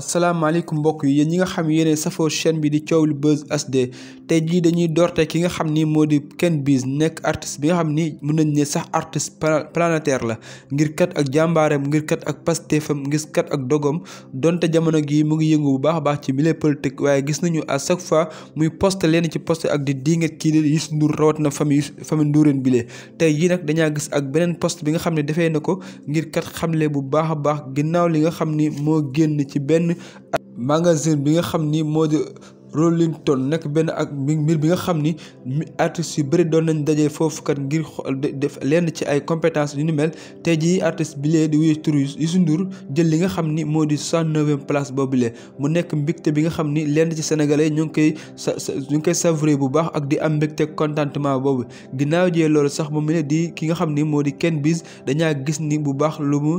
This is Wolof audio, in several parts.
asalaamaaleykum mbokk yi yéen ñi nga xam yéene safoo chaîne bi di lu Buzz HD tey jii dañuy doorte ki nga xam ni moo di kenn biis nekk artiste bi nga xam ni mën nañ ne sax artiste planétaire la ngir kat ak jàmbaareem ngir kat ak pastéefam ngir kat ak dogom donte jamono gi mu ngi yëngu bu baax a baax ci milieu politique waaye gis nañu a chaque fois muy poste leen ci poste ak di dinget kii di Youssou rawat na famille famille Ndourène bile tey ji nag dañaa gis ak beneen poste bi nga xam ne defee na ko ngir kat xamle bu baax a baax ginnaaw li nga xam ni moo génn ci benn benn euh, magasin bi nga xam ni moo di Rolling Stone nekk benn ak mbir bi nga xam ni artistes yu bëri doon nañ dajee foofu kat ngir def lenn ci ay compétence yu ni mel tey jii artiste bi di wuyu tur Youssou Ndour jël li nga xam ni moo di 69e place boobule mu nekk mbégte bi nga xam ni lenn ci sénégalais ñu ngi koy ñu ngi koy savourer bu baax ak di am te contentement boobu ginnaaw jee loolu sax moom mi ne di ki nga xam ni moo di kenn Biz dañaa gis ni bu baax lu mu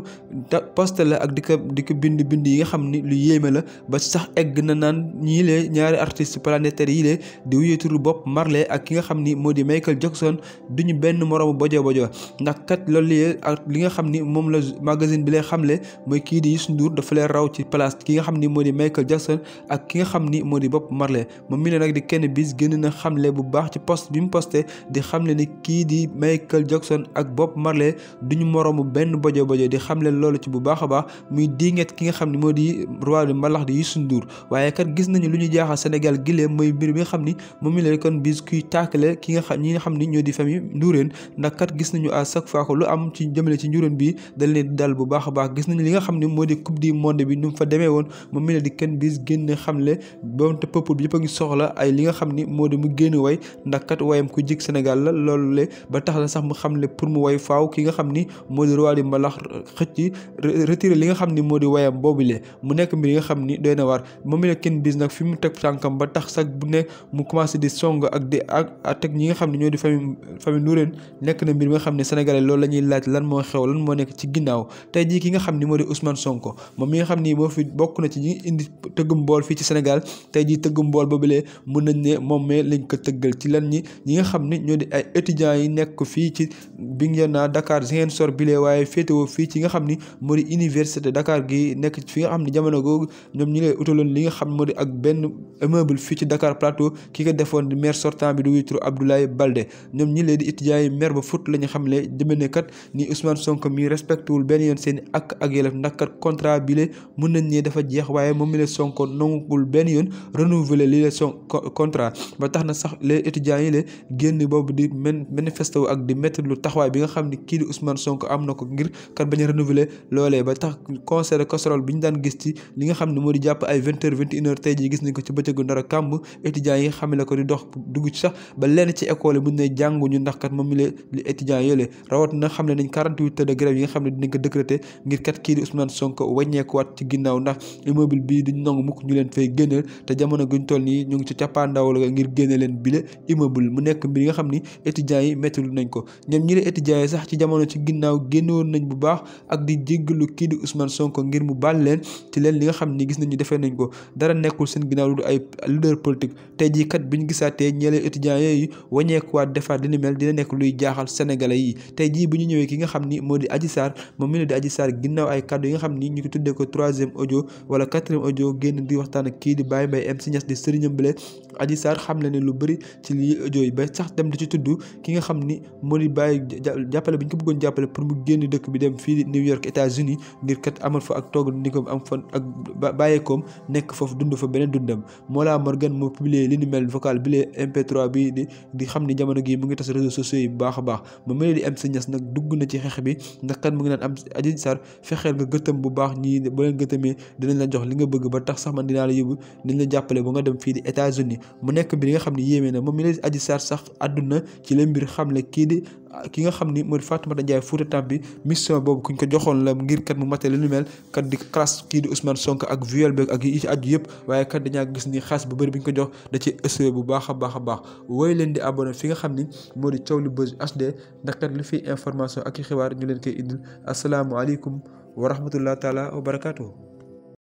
poste la ak di ko di ko bind bind yi nga xam ni lu yéeme la ba sax egg na naan ñii ñaari artiste planétaire yi lée di wuyeeturu Bob Marley ak ki nga xam ni moo di Michael Jackson duñu benn moroomu bojo bojo ndax kat loolu ak li nga xam ni moom la magazine bi lay xamle mooy kii di Youssou Ndour dafa leen raw ci place ki nga xam ni moo di Michael Jackson ak ki nga xam ni moo di Bob Marley moom mi nag di kenn bis gën na xamle bu baax ci post bi mu posté di xamle ni kii di Michael Jackson ak Bob Marley duñu moroomu benn bojo bojo di xamle loolu ci bu baax a baax muy dinget ki nga xam ni moo di roi du mbalax di Youssou nduur waaye kat gis nañu lu ñu jaaxal Sénégal giléem mooy mbir bi nga xam ni moom mi leen kon bis kuy xam ñi di famille njuréen ndax kat gis nañu à chaque fois lu am ci jëmale ci njuréen bi dañ leen dal bu baax a baax gis nañu li nga xam ni moo di coupe du monde bi nu mu fa demee woon moom mi leen di kenn bis génn xamle bonte peuple bi yëpp a ngi soxla ay li nga xam ni moo di mu génn way ndax kat wayam ku jig Sénégal la loolu le ba tax la sax mu xam xamle pour mu way faaw ki nga xam ni moo di roi di mbalax xëcc retiré li nga xam ni moo di wayam boobule mu nekk mbir yi nga xam ni doy na war moom mi leen kenn bis nag fi mu teg tànk tànkam ba tax sax bu ne mu commencé di song ñi nga xam ne ñoo di famille famille Nureen nekk na mbir mi nga xam ne sénégalais loolu la ñuy laaj lan moo xew lan moo nekk ci ginnaaw tey jii ki nga xam ni moo di Ousmane Sonko moom mi nga xam ni moo fi bokk na ci ñi indi tëggum bool fii ci Sénégal tey jii tëggum bool boobulee mun nañ ne moom mee lañ ko ci lan ñi ñi nga xam ni ñoo di ay étudiants yi nekk fii ci Bignona Dakar Ziguinchor bile waaye féetewoo fii ci nga xam ni moo di université Dakar gi nekk fi nga xam ne jamono googu ñoom ñi lay utaloon li nga xam moo di ak immeuble fii ci Dakar Plateau ki ko defoon maire sortant bi du witru Abdoulaye Baldé ñoom ñi leen di étudiants yi maire ba fut la xam le jëmale ni Ousmane Sonko mi respectéwul benn yoon seen ak ak yelef ndax kat bi le mën nañ ne dafa jeex waaye moom mi le Sonko nangul benn yoon renouveler li le son contrat ba tax na sax les étudiants yi le génn boobu di men manifesté wu ak di mettre lu taxawaay bi nga xam ne kii di Ousmane Sonko am na ko ngir kat gu nar a kàmb étudiants yi xamle ko di dox dugg ci sax ba lenn ci école yi buñ ne jànguñu ndax kat moom mi lee li étudiants yoolee rawat na xam ne nañ 48 heures de grève yi nga xam ne di Ousmane Sonko wàññeekuwaat ci ginnaaw ndax immobile bii duñ nangu mukk ñu leen fay génneel te ngi ngir génne leen bile immobile mu nekk mbir yi nga xam ni étudiants yi méttilu nañ ko ñoom ñi lee étudiants yi sax ci jamono ci ginnaaw génnoon nañ bu baax ak di jéggalu kii di Ousmane Sonko ngir mu baal leen ci leen li nga xam ni gis nañu defee nañ ko dara nekkul leader politique tey jii kat bi ñu gisaatee ñeelee étudiants yooyu wañeekuwaat defaat li ni mel dina nekk luy jaaxal sénégalais yi tey jii bu ñu ñëwee ki nga xam ni moo di Adji saar moom mi ne di Adji Sarr ginnaaw ay kàddu yi nga xam ni ñu ko tuddee ko troisième audio wala quatrième audio génn di waxtaan ak kii di bàyyi Mbaye MC Niass di sëriñam bile Adji Sarr xam na ne lu bëri ci lii audio yi ba sax dem di ci tudd ki nga xam ni moo di bàyyi jàppale bi ñu ko bëggoon jàppale pour mu génn dëkk bi dem fii New York États-Unis ngir kat amal fa ak togg ni ko am fa ak bàyyeekoom nekk foofu dund fa beneen dundam Mollah Morgun moo publié li ni mel vocal bi lee bi di xam ni jamono gi mu ngi tas réseaux sociaux yi bu baax a baax moom mel di MC Niass dugg na ci xeex bi ndax kan mu ngi naan am Adji Sarr fexeel nga gëtëm bu baax ñii ba leen gëtëmee dinañ la jox li nga bëgg ba tax sax man dinaa la yóbbu dinañ la jàppale ba nga dem fii di États-Unis mu nekk bi yi nga xam ni yéeme na moom mi la Adji sar sax àdduna ci la mbir xam ne kii di ki nga xam ni mooy Fatoumata Ndiaye Fouta Tampi mission boobu ku kuñ ko joxoon la ngir kat mu matale lu mel kat di classe kii di Ousmane Sonko ak viol beeg ak yi ci aju yëpp waaye kat dañaa gis ni xaalis bu bari bi ñu ko jox da ci ësee bu baax a baax a baax wooy leen di abonné fi nga xam ni moo di lu Buzz HD ndax kat lu fi information ak i xibaar ñu leen koy indil asalaamualeykum wa rahmatullah taala wa barakaatu.